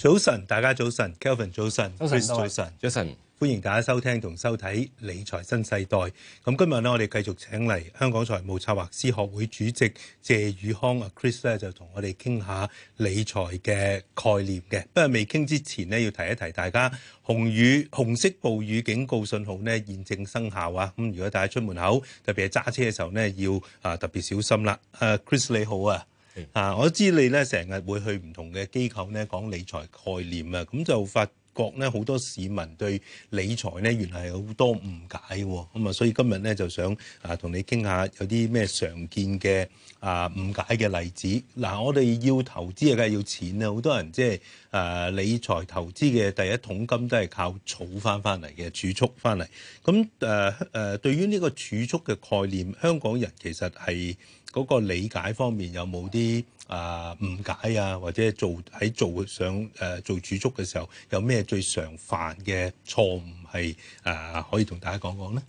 早晨，大家早晨，Kelvin 早晨，早晨，Chris 早晨 j 歡迎大家收聽同收睇理財新世代。咁今日我哋繼續請嚟香港財務策劃師學會主席謝宇康啊，Chris 咧就同我哋傾下理財嘅概念嘅。不過未傾之前要提一提大家，紅雨紅色暴雨警告信號咧現正生效啊。咁如果大家出門口，特別係揸車嘅時候要啊特別小心啦。誒，Chris 你好啊！啊！我知你咧成日會去唔同嘅機構咧講理財概念啊，咁就發覺咧好多市民對理財咧原來有好多誤解喎，咁啊所以今日咧就想啊同你傾下有啲咩常見嘅啊誤解嘅例子。嗱、啊，我哋要投資梗係要錢、啦、啊。好多人即係誒理財投資嘅第一桶金都係靠儲翻翻嚟嘅儲蓄翻嚟。咁誒誒，對於呢個儲蓄嘅概念，香港人其實係。嗰、那個理解方面有冇啲啊誤解啊，或者做喺做想誒、呃、做儲蓄嘅時候，有咩最常犯嘅錯誤係誒、呃、可以同大家講講咧？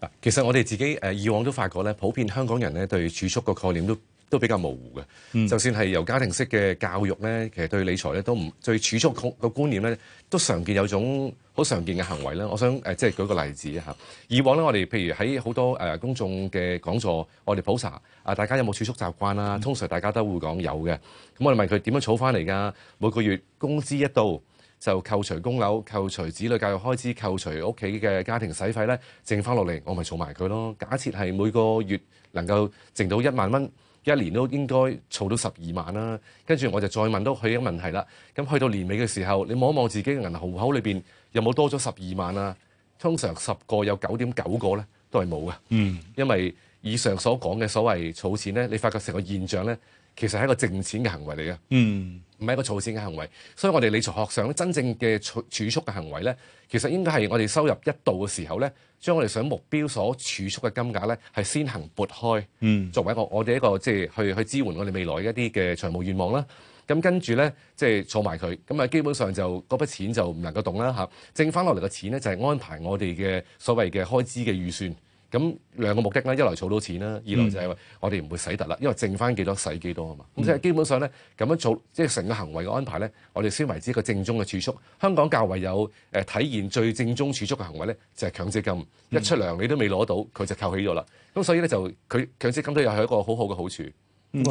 嗱，其實我哋自己誒、呃、以往都發覺咧，普遍香港人咧對儲蓄個概念都。都比較模糊嘅，就算係由家庭式嘅教育咧，其實對理財咧都唔對儲蓄個觀念咧都常見有種好常見嘅行為呢。我想、呃、即係舉個例子吓，以往咧，我哋譬如喺好多、呃、公眾嘅講座，我哋普查啊，大家有冇儲蓄習慣啊？通常大家都會講有嘅。咁、嗯嗯、我哋問佢點樣儲翻嚟㗎？每個月工資一到就扣除供樓、扣除子女教育開支、扣除屋企嘅家庭使費咧，剩翻落嚟我咪儲埋佢咯。假設係每個月能夠剩到一萬蚊。一年都應該儲到十二萬啦，啊，跟住我就再問到佢一個問題啦。咁去到年尾嘅時候，你望一望自己嘅銀行戶口裏面，有冇多咗十二萬啊？通常十個有九點九個呢，都係冇嘅，嗯，因為以上所講嘅所謂儲錢呢，你發覺成個現象呢。其實係一個淨錢嘅行為嚟嘅，唔係一個儲錢嘅行為。所以我哋理財學上咧，真正嘅儲儲蓄嘅行為咧，其實應該係我哋收入一度嘅時候咧，將我哋想目標所儲蓄嘅金額咧，係先行撥開，作為我我哋一個即係去去支援我哋未來的一啲嘅財務願望啦。咁跟住咧，即係儲埋佢，咁啊基本上就嗰筆錢就唔能夠動啦嚇。剩翻落嚟嘅錢咧，就係安排我哋嘅所謂嘅開支嘅預算。咁兩個目的咧，一來儲到錢啦，二來就係我哋唔會使得啦，嗯、因為剩翻幾多使幾多啊嘛。咁、嗯、即係基本上咧，咁樣做，即係成個行為嘅安排咧，我哋先為之一個正宗嘅儲蓄。香港較為有誒體現最正宗儲蓄嘅行為咧，就係、是、強積金。一出糧你都未攞到，佢就扣起咗啦。咁所以咧就佢強積金都又係一個好好嘅好處。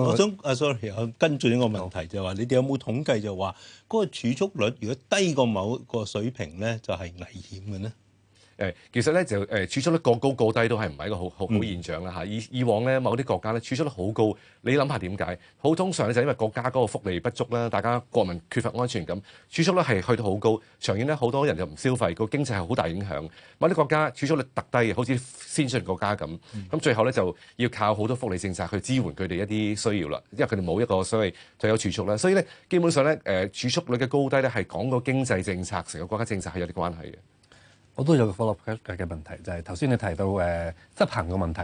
我想啊，sorry，我跟住呢個問題就係話，你哋有冇統計就話嗰、那個儲蓄率如果低過某個水平咧，就係、是、危險嘅呢？其實咧就誒儲蓄率過高過低都係唔係一個好好好現象啦嚇。以以往咧，某啲國家咧儲蓄率好高，你諗下點解？好通常咧就因為國家嗰個福利不足啦，大家國民缺乏安全感，儲蓄率係去到好高，長遠咧好多人就唔消費，個經濟係好大影響。某啲國家儲蓄率特低，好似先進國家咁，咁最後咧就要靠好多福利政策去支援佢哋一啲需要啦，因為佢哋冇一個所謂就有儲蓄啦。所以咧基本上咧誒儲蓄率嘅高低咧係講個經濟政策，成個國家政策係有啲關係嘅。我都有個 follow 嘅問題，就係頭先你提到誒、呃、執行嘅問題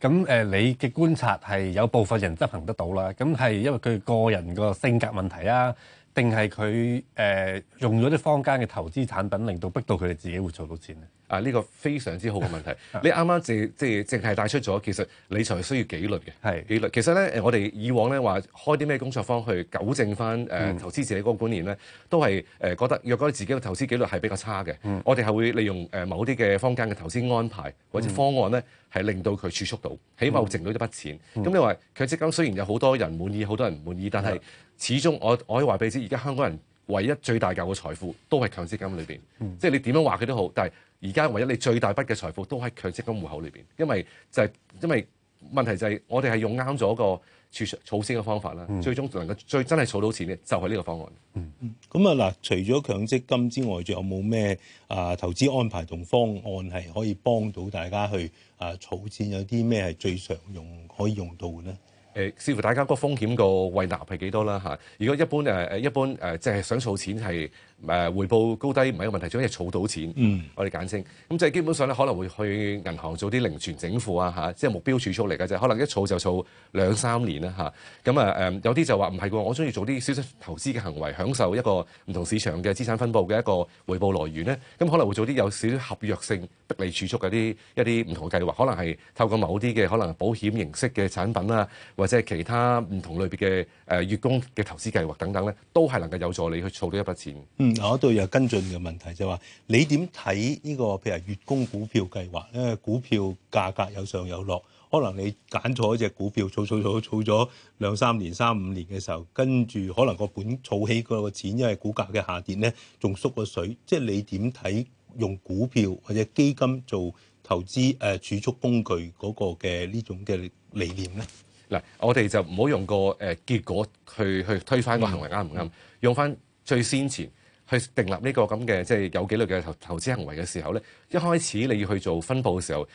咁、呃、你嘅觀察係有部分人執行得到啦。咁係因為佢個人個性格問題啊？定係佢誒用咗啲坊間嘅投資產品，令到逼到佢哋自己會儲到錢咧？啊，呢、呢個非常之好嘅問題。 你啱啱即即係淨係帶出咗，其實理財需要紀律嘅，係紀律。其實咧誒，我哋以往咧話開啲咩工作坊去糾正翻誒、啊、投資者嗰個觀念咧，都係誒、呃、覺得若果你自己嘅投資紀律係比較差嘅、嗯，我哋係會利用誒某啲嘅坊間嘅投資安排、嗯、或者方案咧，係令到佢儲蓄到，起碼會剩到一筆錢。咁、嗯嗯嗯、你話強積金雖然有好多人滿意，好多人唔滿意，但係始終我我可以話俾你知，而家香港人唯一最大嚿嘅財富都係強積金裏邊、嗯，即係你點樣話佢都好。但係而家唯一你最大筆嘅財富都喺強積金戶口裏邊，因為就係、係、因為問題就係我哋係用啱咗個儲儲錢嘅方法啦、嗯。最終能夠最真係儲到錢嘅就係呢個方案。嗯，咁啊嗱，除咗強積金之外，仲有冇咩啊投資安排同方案係可以幫到大家去啊儲錢？儲有啲咩係最常用可以用到嘅咧？誒、呃、視乎大家個風險個胃納係幾多啦吓。如果一般誒誒，、呃、一般誒，即係想儲錢係。誒回報高低唔係一個問題，主要係儲到錢。我哋簡稱咁，即係基本上咧可能會去銀行做啲零存整付啊嚇，即係目標儲蓄嚟嘅就可能一儲就儲兩三年啦嚇。咁啊誒，有啲就話唔係喎，我中意做啲少少投資嘅行為，享受一個唔同市場嘅資產分佈嘅一個回報來源咧。咁、啊、可能會做啲有少少合約性逼利儲蓄嘅啲一啲唔同嘅計劃，可能係透過某啲嘅可能保險形式嘅產品啊，或者係其他唔同類別嘅誒月供嘅投資計劃等等咧，都係能夠有助你去儲到一筆錢。嗯嗯、我嗰度又跟進嘅問題就話、是這個，你點睇呢個譬如月供股票計劃咧？因為股票價格有上有落，可能你揀錯一隻股票，儲儲儲儲咗兩三年、三五年嘅時候，跟住可能個本儲起嗰個錢，因為股價嘅下跌咧，仲縮過水。即、就、係、是、你點睇用股票或者基金做投資誒、呃、儲蓄工具嗰個嘅呢種嘅理念咧？嗱，我哋就唔好用個誒結果去去推翻個行為啱唔啱，用、嗯、翻最先前。去定立呢個咁嘅即係有紀律嘅投投資行為嘅時候咧，一開始你要去做分佈嘅時候，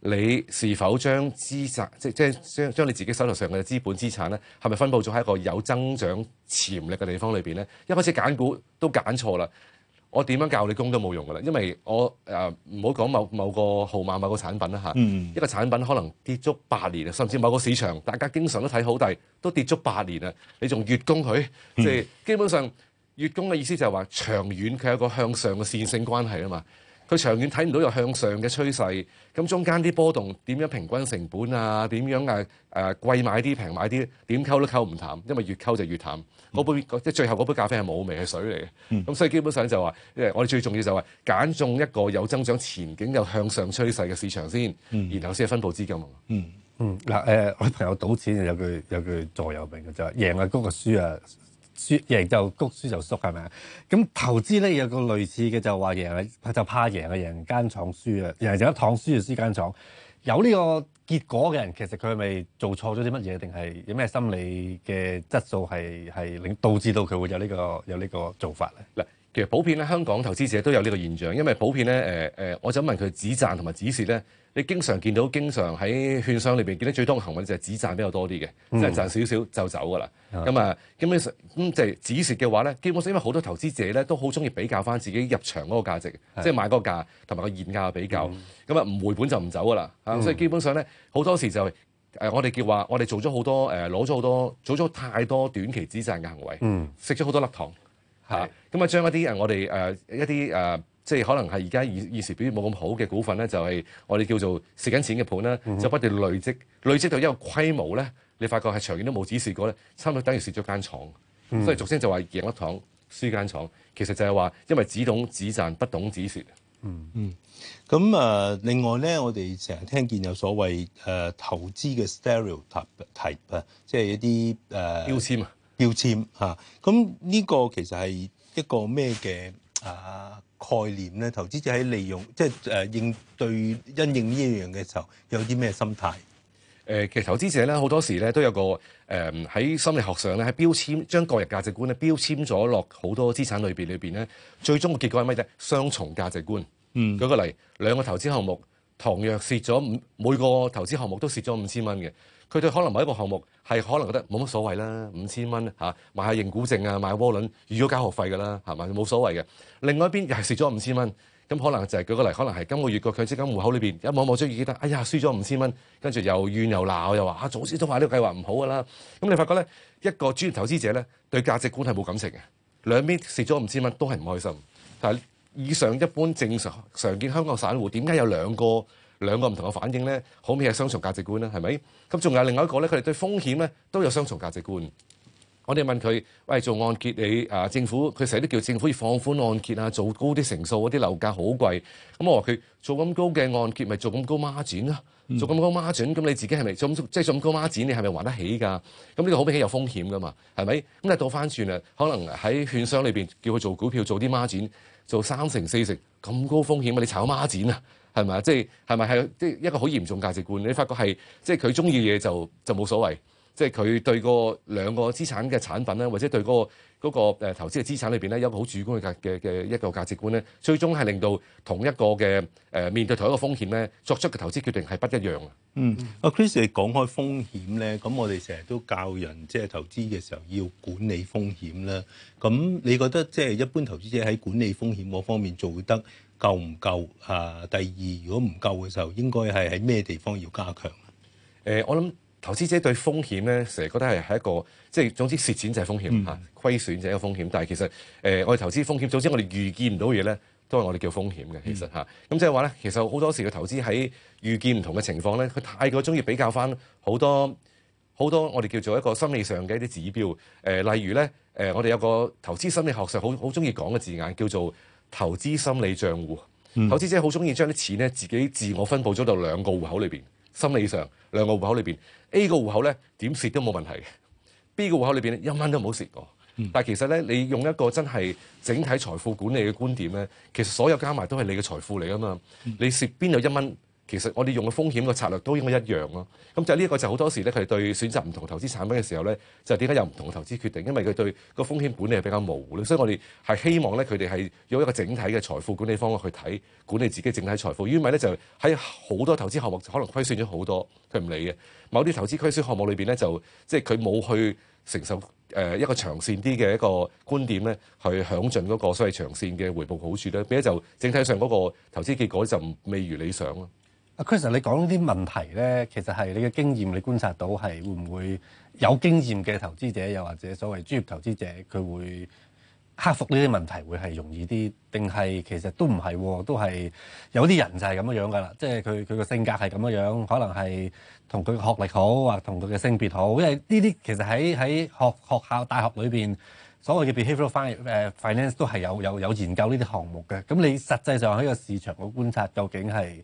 你是否將資產即即將將你自己手頭上嘅資本資產咧，係咪分佈咗喺一個有增長潛力嘅地方裏邊咧？一開始揀股都揀錯啦，我點樣教你供都冇用噶啦，因為我誒唔好講某某個號碼某個產品啦嚇，一個產品可能跌足八年啊，甚至某個市場大家經常都睇好但係，都跌足八年啊，你仲月供佢，即係基本上。月供嘅意思就係話長遠佢有一個向上嘅線性關係啊嘛，佢長遠睇唔到有向上嘅趨勢，咁中間啲波動點樣平均成本啊？點樣啊？誒、呃、貴買啲平買啲？點溝都溝唔淡，因為越溝就越淡，嗰杯即係、嗯、最後嗰杯咖啡係冇味係水嚟嘅。咁、嗯、所以基本上就話，誒我哋最重要就係揀中一個有增長前景、有向上趨勢嘅市場先，嗯、然後先係分佈資金。嗯嗯，嗱、嗯、誒、呃，我朋友賭錢有句有句，有句座右銘嘅就係、是、贏啊嗰個輸啊。輸贏就谷，輸就縮，係咪啊？咁投資咧有個類似嘅就話贏佢就怕贏啊，贏間廠輸啊，贏就一躺輸就輸間廠。有呢個結果嘅人，其實佢係咪做錯咗啲乜嘢，定係有咩心理嘅質素係令導致到佢會有呢、這個有呢個做法咧？嗱，其實普遍咧，香港投資者都有呢個現象，因為普遍咧、呃、我想問佢止賺同埋止蝕咧。你經常見到，經常喺券商裏邊見得最多嘅行為就係止賺比較多啲嘅，即、嗯、係、就是、賺少少就走㗎啦。咁啊，咁樣咁即係止蝕嘅話咧，基本上因為好多投資者咧都好中意比較翻自己入場嗰個價值，即係、就是、買嗰個價同埋個現價嘅比較。咁啊唔回本就唔走㗎啦。啊、嗯，所以基本上咧好多時候就係、呃、我哋叫話，我哋做咗好多誒攞咗好多做咗太多短期止賺嘅行為，食咗好多粒糖吓。咁啊、嗯嗯嗯、將一啲誒我哋誒、呃、一啲誒。呃即係可能係而家以現時表現冇咁好嘅股份咧，就係、是、我哋叫做蝕緊錢嘅盤啦，mm -hmm. 就不斷累積累積到一個規模咧，你發覺係長遠都冇止蝕過咧，差唔多等於蝕咗間廠。Mm -hmm. 所以俗稱就話贏粒糖，輸間廠，其實就係話因為只懂止賺，不懂止蝕。嗯嗯。咁、mm、啊 -hmm. 呃，另外咧，我哋成日聽見有所謂誒、呃、投資嘅 stereotype 啊，即係一啲誒標籤啊，標籤嚇。咁呢個其實係一個咩嘅啊？呃概念咧，投資者喺利用即係誒應對因應呢一樣嘅時候，有啲咩心態？誒，其實投資者咧，好多時咧都有個誒喺心理學上咧，喺標籤將個人價值觀咧標籤咗落好多資產類別裏邊咧，最終嘅結果係乜嘢？雙重價值觀。嗯。舉個例，兩個投資項目同樣，倘若蝕咗五每個投資項目都蝕咗五千蚊嘅。佢對可能某一個項目係可能覺得冇乜所謂啦，五千蚊吓買下認股證啊，買個窩輪，預咗交學費㗎啦，係嘛冇所謂嘅。另外一邊又係蝕咗五千蚊，咁可能就係、是、舉個例，可能係今個月個強積金戶口裏面一望望出幾多，哎呀，輸咗五千蚊，跟住又怨又鬧，又話啊，早知都話呢個計劃唔好㗎啦。咁你發覺呢，一個專業投資者呢對價值觀係冇感情嘅，兩邊蝕咗五千蚊都係唔開心。但係，以上一般正常常見香港散戶點解有兩個？兩個唔同嘅反應咧，好明顯係雙重價值觀啦，啊，係咪？咁仲有另外一個咧，佢哋對風險咧都有雙重價值觀。我哋問佢，喂，做按揭你啊，政府佢成日都叫政府要放寬按揭啊，做高啲成數，啲樓價好貴。咁我話佢做咁高嘅按揭，咪、即係、做咁高孖展啊？做咁高孖展，咁你自己係咪即係做咁、即係、高孖展？你係咪還得起㗎？咁呢個好明顯有風險㗎嘛？係咪？咁你倒翻轉啊？可能喺券商裏邊叫佢做股票，做啲孖展，做三成四成咁高風險、啊、你炒孖展啊？係咪啊？即係係咪係即係一個好嚴重價值觀？你發覺係即係佢中意嘅嘢就就冇所謂。即係佢對個兩個資產嘅產品咧，或者對嗰個嗰個誒投資嘅資產裏邊咧，有一個好主觀嘅價嘅嘅一個價值觀咧，最終係令到同一個嘅誒面對同一個風險咧，作出嘅投資決定係不一樣啊！嗯，阿 Chris，你講開風險咧，咁我哋成日都教人即係投資嘅時候要管理風險啦。咁你覺得即係一般投資者喺管理風險嗰方面做得？夠唔夠？啊，第二，如果唔夠嘅時候，應該係喺咩地方要加強？誒、呃，我諗投資者對風險咧，成日覺得係係一個，即係總之蝕錢就係風險嚇，虧、嗯、損就係一個風險。但係其實誒，我、呃、哋投資風險，總之我哋預見唔到嘢咧，都係我哋叫風險嘅。其實嚇，咁即係話咧，其實好多時嘅投資喺預見唔同嘅情況咧，佢太過鍾意比較返好多好多，多我哋叫做一個心理上嘅一啲指標。誒、呃，例如咧，誒、呃，我哋有個投資心理學上好好鍾意講嘅字眼，叫做。投資心理賬戶，投資者好中意將啲錢咧自己自我分佈咗到兩個戶口裏邊，心理上兩個戶口裏邊 A 個戶口咧點蝕都冇問題嘅，B 個戶口裏邊一蚊都冇蝕過。但係其實咧，你用一個真係整體財富管理嘅觀點咧，其實所有加埋都係你嘅財富嚟啊嘛，你蝕邊有一蚊？其實我哋用嘅風險嘅策略都應該一樣咯、啊。咁就呢一個就好多時咧，佢哋對選擇唔同投資產品嘅時候咧，就點解有唔同嘅投資決定？因為佢對個風險管理係比較模糊咧，所以我哋係希望咧佢哋係用一個整體嘅財富管理方法去睇管理自己整體財富。因為咧就喺好多投資項目可能虧損咗好多，佢唔理嘅某啲投資虧損項目裏邊咧就即係佢冇去承受誒、呃、一個長線啲嘅一個觀點咧，去享盡嗰個所謂長線嘅回報好處咧，變咗就整體上嗰個投資結果就未如理想咯。其實你呢啲問題咧，其實係你嘅經驗，你觀察到係會唔會有經驗嘅投資者，又或者所謂專業投資者，佢會克服呢啲問題會係容易啲，定係其實都唔係，都係有啲人就係咁樣樣噶啦，即係佢佢個性格係咁樣樣，可能係同佢學歷好，或同佢嘅性別好，因為呢啲其實喺喺學學校大學裏邊所謂嘅 behaviour 翻誒 finance 都係有有有研究呢啲項目嘅。咁你實際上喺個市場嘅觀察，究竟係。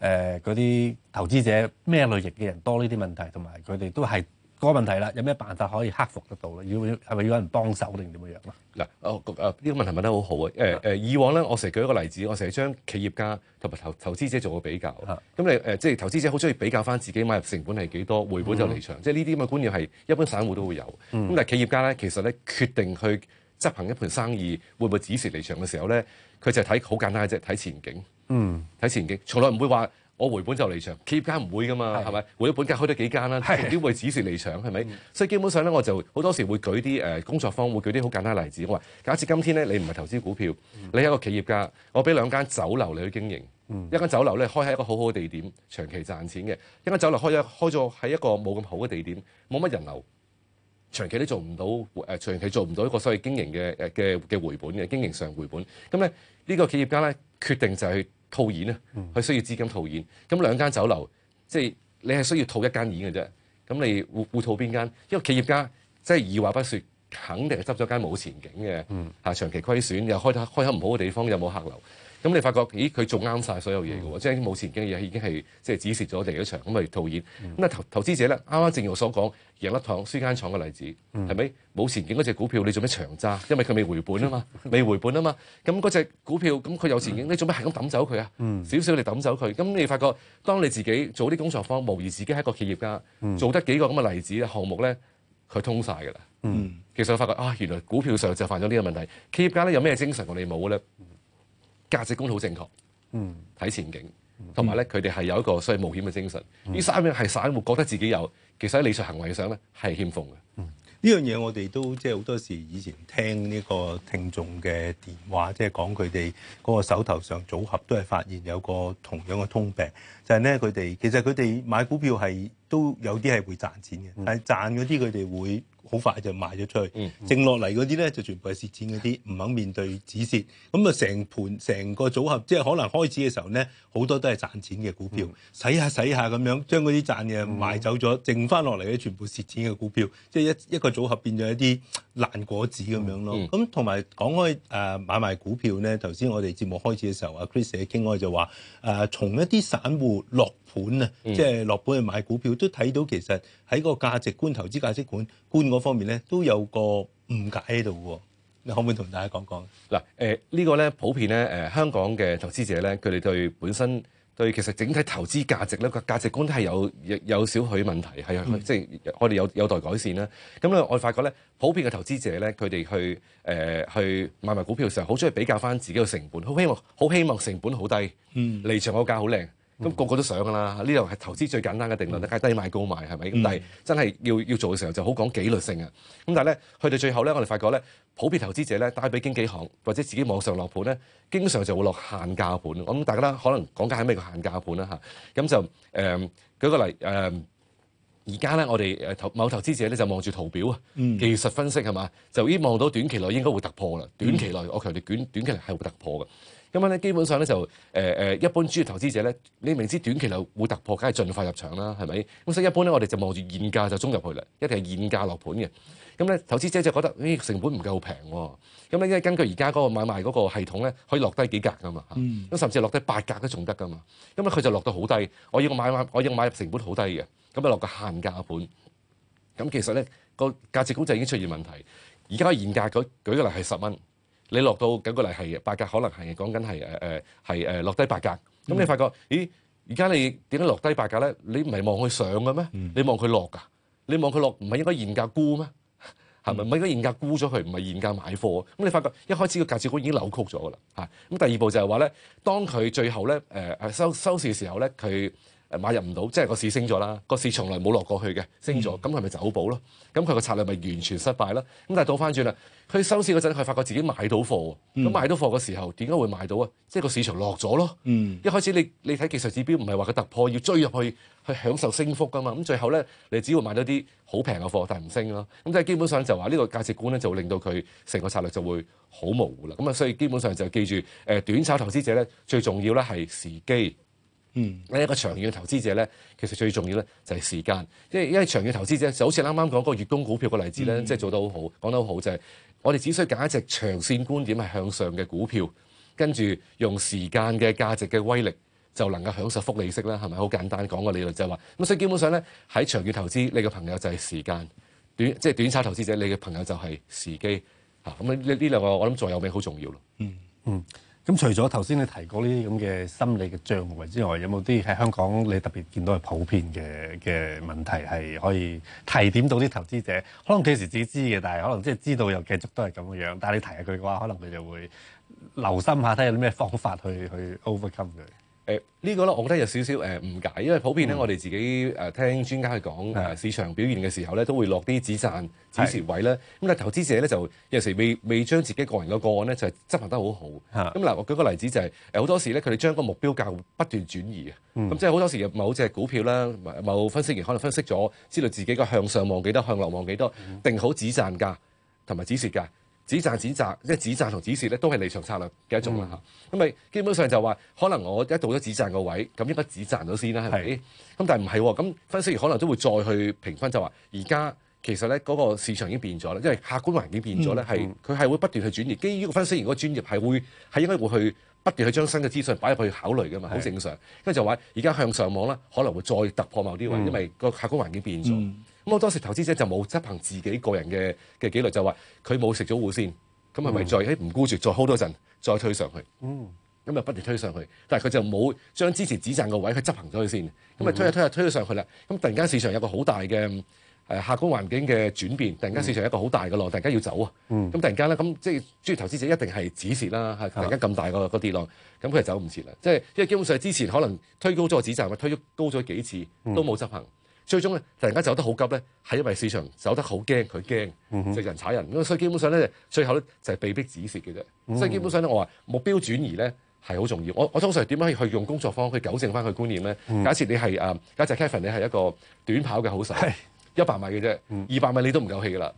誒嗰啲投資者咩類型嘅人多呢啲問題，同埋佢哋都係嗰個問題啦。有咩辦法可以克服得到咧？要係咪要有人幫手定點樣咧？嗱，哦誒，呢個問題問得好好、呃、啊！誒誒，以往咧，我成日舉一個例子，我成日將企業家同埋投投資者做個比較。咁、啊、你誒、呃、即係投資者好中意比較翻自己買入成本係幾多，回本就離場，嗯、即係呢啲咁嘅觀念係一般散戶都會有。咁、嗯、但係企業家咧，其實咧決定去執行一盤生意，會唔會止蝕離場嘅時候咧，佢就係睇好簡單嘅啫，睇前景。嗯，睇前景，從來唔會話我回本就離場。企業家唔會噶嘛，係咪？回本，梗係開咗幾間啦，點會止蝕離場係咪？所以基本上咧，我就好多時會舉啲誒工作方會舉啲好簡單嘅例子。我話假設今天咧，你唔係投資股票，嗯、你係一個企業家，我俾兩間酒樓你去經營，嗯、一間酒樓咧開喺一個好好嘅地點，長期賺錢嘅；一間酒樓開咗開咗喺一個冇咁好嘅地點，冇乜人流，長期都做唔到誒、呃，長期做唔到一個所謂的經營嘅誒嘅嘅回本嘅經營上回本。咁咧呢、呢個企業家咧。決定就係去套現啦，佢需要資金套現。咁兩間酒樓，即係你係需要套一間現嘅啫。咁你會會套邊間？因為企業家即係二話不説，肯定係執咗間冇前景嘅嚇，長期虧損又開得開口唔好嘅地方又冇客流。咁、嗯、你發覺，咦？佢做啱晒所有嘢嘅喎，即係冇前景嘅嘢已經係即係指示咗嚟一場，咁咪套現。咁、嗯、啊投投資者咧，啱啱正如我所講，贏粒糖、輸間廠嘅例子，係咪冇前景嗰隻股， 股票，你做咩長揸？因為佢未回本啊嘛，未回本啊嘛。咁嗰隻股票，咁佢有前景，你做咩係咁抌走佢啊、嗯？少少你抌走佢。咁、嗯嗯嗯、你發覺，當你自己做啲工作方，模擬自己係一個企業家，嗯、做得幾個咁嘅例子、項目咧，佢通晒嘅啦。嗯，其實我發覺啊，原來股票上就犯咗呢個問題。企業家咧有咩精神我哋冇咧。價值觀好正確，嗯，睇前景，同埋咧，佢哋係有一個所謂冒險嘅精神。呢、嗯、三樣係散戶覺得自己有，其實喺理財行為上咧係欠奉嘅。呢樣嘢我哋都即係好多時以前聽呢個聽眾嘅電話，即係講佢哋嗰個手頭上組合都係發現有個同樣嘅通病，就係咧佢哋其實佢哋買股票係都有啲係會賺錢嘅、嗯，但係賺嗰啲佢哋會。好快就賣咗出去，剩落嚟嗰啲咧就全部係蝕錢嗰啲，唔肯面對止蝕。咁啊，成盤成個組合，即係可能開始嘅時候咧，好多都係賺錢嘅股票，嗯、洗下洗下咁樣，將嗰啲賺嘅賣走咗、嗯，剩翻落嚟嗰啲全部蝕錢嘅股票，即係一一個組合變咗一啲爛果子咁樣咯。咁同埋講開誒買賣股票咧，頭先我哋節目開始嘅時候，阿 Chris 喺傾開就話誒，從一啲散戶落盤啊，即係落盤去買股票，都睇到其實喺個價值觀投資價值觀觀方面咧都有個誤解喺度嘅，你可唔可以同大家講講？嗱、呃，誒、這個、呢個咧普遍咧，誒、呃、香港嘅投資者咧，佢哋對本身對其實整體投資價值咧個價值觀係有有有少許問題，係、嗯、即係我哋有有待改善啦。咁、嗯、咧我發覺咧，普遍嘅投資者咧，佢哋去誒、呃、去買賣股票嘅時候，好中意比較翻自己嘅成本，好希望好希望成本好低，嗯，離場個價好靚。咁、嗯、個個都想噶啦，呢度係投資最簡單嘅定律，即、嗯、係低買高賣，係咪、嗯？但係真係要要做嘅時候，就好講紀律性啊。咁但係咧，去到最後咧，我哋發覺咧，普遍投資者咧，帶俾經紀行或者自己網上落盤咧，經常就會落限價盤。咁大家咧，可能講緊係咩叫限價盤啦嚇。咁、啊、就誒、呃、舉個例誒，而家咧我哋誒某投資者咧就望住圖表啊，技術分析係嘛，就已經望到短期內應該會突破啦。短期內、嗯、我強調，卷短期係會突破嘅。咁咧，基本上咧就誒誒，一般主要投資者咧，你明知短期內會突破，梗係盡快入場啦，係咪？咁所以一般咧，我哋就望住現價就衝入去啦，一定係現價落盤嘅。咁咧，投資者就覺得咦，成本唔夠平喎。咁咧，因為根據而家嗰個買賣嗰個系統咧，可以落低幾格㗎嘛。咁甚至落低八格都仲得㗎嘛。咁咧，佢就落到好低，我要買我要買入成本好低嘅，咁就落個限價盤。咁其實咧，個價值股就已經出現問題。而家個現價舉舉個例係十蚊。你落到幾個嚟係八格，可能係講緊係誒誒係誒落低八格。咁你發覺，咦？而家你點解落低八格咧？你唔係望佢上嘅咩、嗯？你望佢落㗎。你望佢落，唔係應該現價沽咩？係咪？唔、嗯、係應該現價沽咗佢，唔係現價買貨。咁你發覺一開始個價值觀已經扭曲咗㗎啦。嚇！咁第二步就係話咧，當佢最後咧誒、呃、收收市嘅時候咧，佢。買入唔到，即係個市升咗啦，個市從來冇落過去嘅，升咗，咁係咪走寶咯？咁佢個策略咪完全失敗咯？咁但係倒翻轉啦，佢收市嗰陣佢發覺自己買到貨，咁、嗯、買到貨嘅時候點解會買到啊？即係個市場落咗咯。一開始你你睇技術指標，唔係話佢突破要追入去去享受升幅噶嘛？咁最後咧，你只會買到啲好平嘅貨，但係唔升咯。咁即係基本上就話呢個價值觀咧，就會令到佢成個策略就會好模糊啦。咁啊，所以基本上就記住，誒短炒投資者咧，最重要咧係時機。嗯，一個長遠投資者咧，其實最重要咧就係時間，因為因為長遠投資者就好似啱啱講嗰個月供股票個例子咧，即係，嗯，做得好好，講得好好就係我哋只需揀一隻長線觀點係向上嘅股票，跟住用時間嘅價值嘅威力，就能夠享受複利息啦，係咪？好簡單講個理論就係話，咁所以基本上咧喺長遠投資，你嘅朋友就係時間；短即係短炒投資者，你嘅朋友就係時機嚇。咁你呢兩個我諗仲有味，好重要咯。嗯嗯。咁除咗頭先你提過呢啲咁嘅心理嘅障礙之外，有冇啲喺香港你特別見到係普遍嘅嘅問題係可以提點到啲投資者？可能幾時自己知嘅，但係可能即係知道又繼續都係咁嘅樣。但係你提下佢嘅話，可能佢就會留心下睇有啲咩方法去去 overcome 佢。誒、這、呢個咧，我覺得有少少誒誤解，因為普遍咧，我哋自己誒聽專家去講誒市場表現嘅時候咧，都會落啲止賺止蝕位咧。咁啊，但投資者咧就有時未未將自己個人嘅個案咧，就係執行得好好。咁嗱，我舉個例子就係誒好多時咧，佢哋將個目標價不斷轉移嘅。咁、嗯、即係好多時某隻股票啦，某分析員可能分析咗知道自己個向上望幾多，向落望幾多，定好止賺價同埋止蝕價。指賺指賺，即係指賺同指蝕咧，都係離場策略嘅一種啦嚇。咁、嗯、咪基本上就話，可能我一到咗指賺個位，咁應該指賺咗先啦，係咪？咁但係唔係喎？咁分析員可能都會再去評分，就話而家其實咧嗰、嗰個市場已經變咗啦，因為客觀環境變咗咧，係佢係會不斷去轉移。基於個分析員嗰個專業係會係應該會去不斷去將新嘅資訊擺入去考慮㗎嘛，好正常。跟住就話，而家向上望啦，可能會再突破某啲位、嗯，因為個客觀環境變咗。嗯咁我當時投資者就冇執行自己個人嘅嘅紀律，就話佢冇食咗糊先。咁係咪再喺唔顧住再 hold 多陣，再推上去？嗯，咁啊不斷推上去，但係佢就冇將之前止賺嘅位置去執行咗去先，咁、嗯、啊推下推下推咗上去啦，咁突然間市場有一個好大嘅誒客觀環境嘅轉變，突然間市場有一個好大嘅浪、嗯，突然間要走啊！咁、嗯、突然間咧，咁即係專業投資者一定係止蝕啦、啊，突然間咁大個個跌浪，咁佢就走唔切啦，即、就、係、是、因為基本上之前可能推高咗個止賺，咪推高咗幾次都冇執行。嗯最終咧，突然間走得好急咧，係因為市場走得好驚，佢驚、嗯、就、人踩人咁，所以基本上咧，最後咧就係、是、被迫止蝕嘅啫。所以基本上咧，我話目標轉移咧係好重要。我我通常點樣可以去用工作方法去糾正翻佢觀念咧、嗯？假設你係啊，假設 Kevin 你係一個短跑嘅好手，一百米嘅啫，二百米你都唔夠氣噶啦。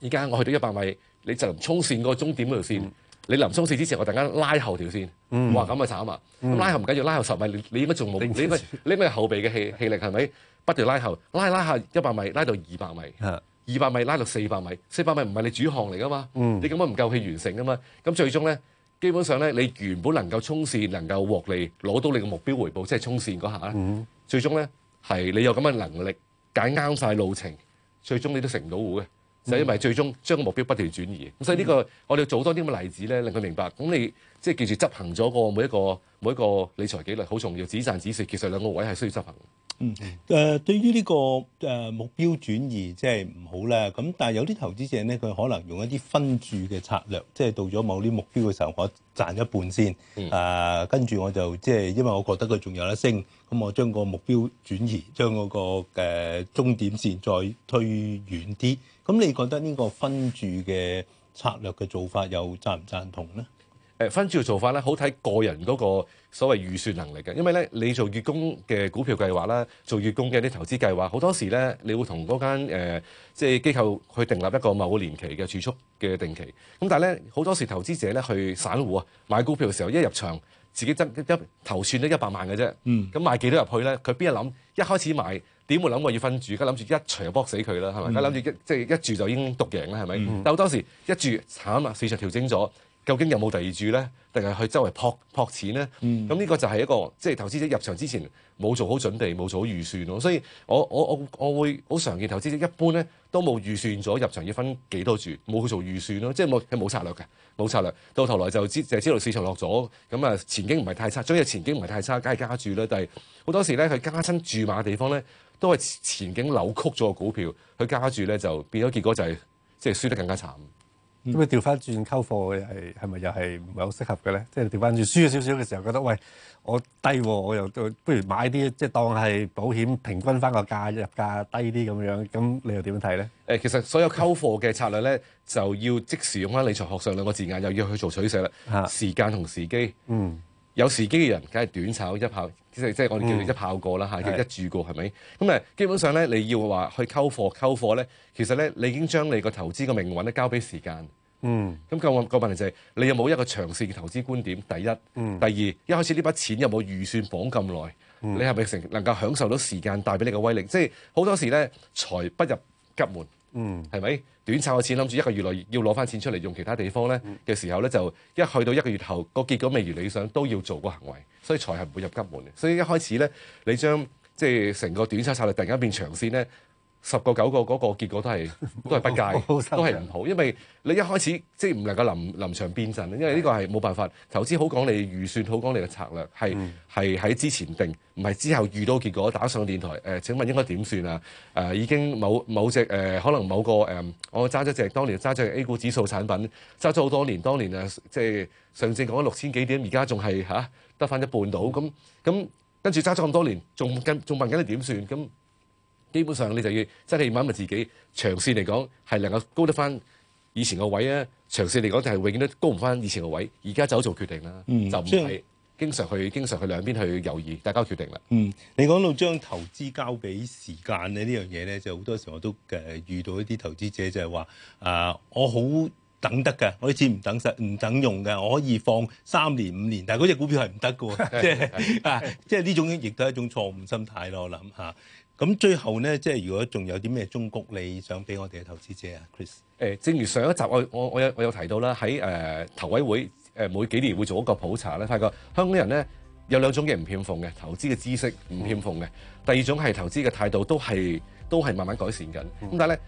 依、嗯、家我去到一百米，你就唔衝線嗰個終點嗰條線。嗯你臨衝線之前，我突然間拉後條線，哇咁咪慘啊！咁拉後唔緊要，拉後十米，你應該仲冇，你應該你應該後備嘅氣氣力係咪？不斷拉後，拉拉下一百米，拉到二百米，二百米拉到四百米，四百米唔係你主項嚟噶嘛？你根本唔夠氣完成噶嘛？咁最終咧，基本上咧，你原本能夠衝線、能夠獲利、攞到你嘅目標回報，即係衝線嗰下咧，最終咧係你有咁嘅能力揀啱晒路程，最終你都食唔到糊嘅。就因為最終將目標不斷轉移，咁所以呢個我哋做多啲咁嘅例子咧，令佢明白。咁你即係記住執行咗個每一個每一個理財紀律，好重要。只賺只蝕，其實兩個位係需要執行。嗯，誒、呃，對於呢、這個誒、呃、目標轉移，即係唔好啦咁，但係有啲投資者咧，佢可能用一啲分注嘅策略，即係到咗某啲目標嘅時候，我賺一半先。跟、呃、住我就即係因為我覺得佢仲有得升，咁我將個目標轉移，將嗰、那個誒、呃、終點線再推遠啲。咁你覺得呢個分住嘅策略嘅做法有贊唔贊同呢？誒分住嘅做法咧，好睇個人嗰個所謂預算能力嘅，因為咧你做月供嘅股票計劃啦，做月供嘅啲投資計劃，好多時咧，你會同嗰間、呃、即係機構去訂立一個某個年期嘅儲蓄嘅定期。咁但係咧，好多時投資者咧，去散戶啊買股票嘅時候，一入場自己得一投算咗一百萬嘅啫。嗯。咁買幾多入去咧？佢邊一諗一開始買？點會諗過要分住？而家諗住一除就搏死佢啦，係咪？而家諗住即係一注就已經獨贏啦，係咪？嗯、但好多時一注慘啦，市場調整咗，究竟有冇第二注咧？定係去周圍撲撲錢咧？咁、嗯、呢個就係一個即係、就是、投資者入場之前冇做好準備，冇做好預算咯。所以我我我我會好常見投資者一般咧都冇預算咗入場要分幾多注，冇去做預算咯。即係冇佢冇策略嘅，冇策略。到頭來就知就係知道市場落咗，咁啊前景唔係太差。所以前景唔係太差，梗係加注啦。但係好多時咧佢加親注碼地方咧。都係前景扭曲咗個股票，佢加住咧就變咗，結果就係即係輸得更加慘。咁你，調翻轉溝貨係係咪又係唔係好適合嘅咧？即係調翻轉輸咗少少嘅時候，覺得喂，我低我又不如買啲，即係當係保險，平均翻個價入價低啲咁樣。咁你又點睇咧？誒，其實所有溝貨嘅策略咧，就要即時用翻理財學上兩個字眼，又要去做取捨啦、啊。時間同時機。嗯。有時機嘅人，梗係短炒一炮，即係即係我哋叫一炮過啦嚇、嗯，一注過係咪？咁誒，基本上咧，你要話去溝貨、溝貨咧，其實咧，你已經將你個投資嘅命運咧交俾時間。嗯。咁個問個問題就係、是：你有冇一個長線嘅投資觀點？第一，嗯、第二，一開始呢筆錢有冇預算綁咁耐？你係咪成能夠享受到時間帶俾你嘅威力？即係好多時咧，財不入急門。嗯是，係咪短炒嘅錢諗住一個月內要攞翻錢出嚟用其他地方咧嘅時候咧，嗯、就一去到一個月後，嗰個結果未如理想，都要做個行為，所以才係唔會入急門嘅。所以一開始咧，你將即係成個短炒策略突然間變長線咧。十個九個嗰個結果都係都係不佳，都係唔好，因為你一開始即係唔能夠臨臨場變陣，因為呢個係冇辦法。投資好講你的預算，好講你嘅策略，係係喺之前定，唔係之後遇到結果打上電台。誒、呃，請問應該點算啊？誒、呃，已經某某隻誒、呃，可能某個誒、呃，我揸咗隻，當年揸咗隻 A 股指數產品，揸咗好多年，當年誒即係上證講咗六千幾點，而家仲係嚇得返一半到，咁咁跟住揸咗咁多年，仲跟仲問緊你點算咁？基本上你就要真係問問自己，長線嚟講係能夠高得翻以前個位啊？長線嚟講就係永遠都高唔翻以前個位。而家走做決定啦、嗯，就唔係經常去、嗯、經常去兩邊去猶豫，大家決定啦。嗯，你講到將投資交俾時間咧，呢樣嘢咧就好多時候我都誒遇到一啲投資者就係話啊，我好等得㗎，我啲錢唔等使，唔等用㗎，我可以放三年五年。但係嗰隻股票係唔得㗎喎，即係啊，即係呢種亦都係一種錯誤心態咯。我諗吓，咁、啊、最後咧，即、就、係、是、如果仲有啲咩忠告，你想俾我哋嘅投資者啊，Chris？誒，正如上一集我我我有我有提到啦，喺誒、呃、投委會誒、呃、每幾年會做一個普查咧，發覺香港人咧有兩種嘅唔欠奉嘅投資嘅知識唔欠奉嘅、嗯，第二種係投資嘅態度都係都係慢慢改善緊。咁、嗯嗯、但係咧。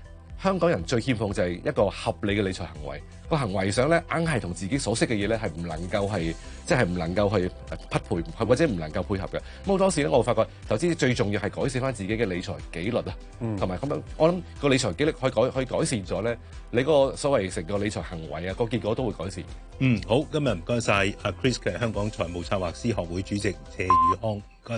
香港人最欠奉就係一個合理嘅理財行為，個行為上咧硬係同自己所識嘅嘢咧係唔能夠係即係唔能夠去匹配，或者唔能夠配合嘅。咁當時咧我發覺投資最重要係改善翻自己嘅理財紀律啊，同埋咁樣我諗個理財紀律可以改可以改善咗咧，你嗰個所謂成個理財行為啊個結果都會改善。嗯，好，今日唔該晒。阿 Chris，佢係香港財務策劃師學會主席謝汝康。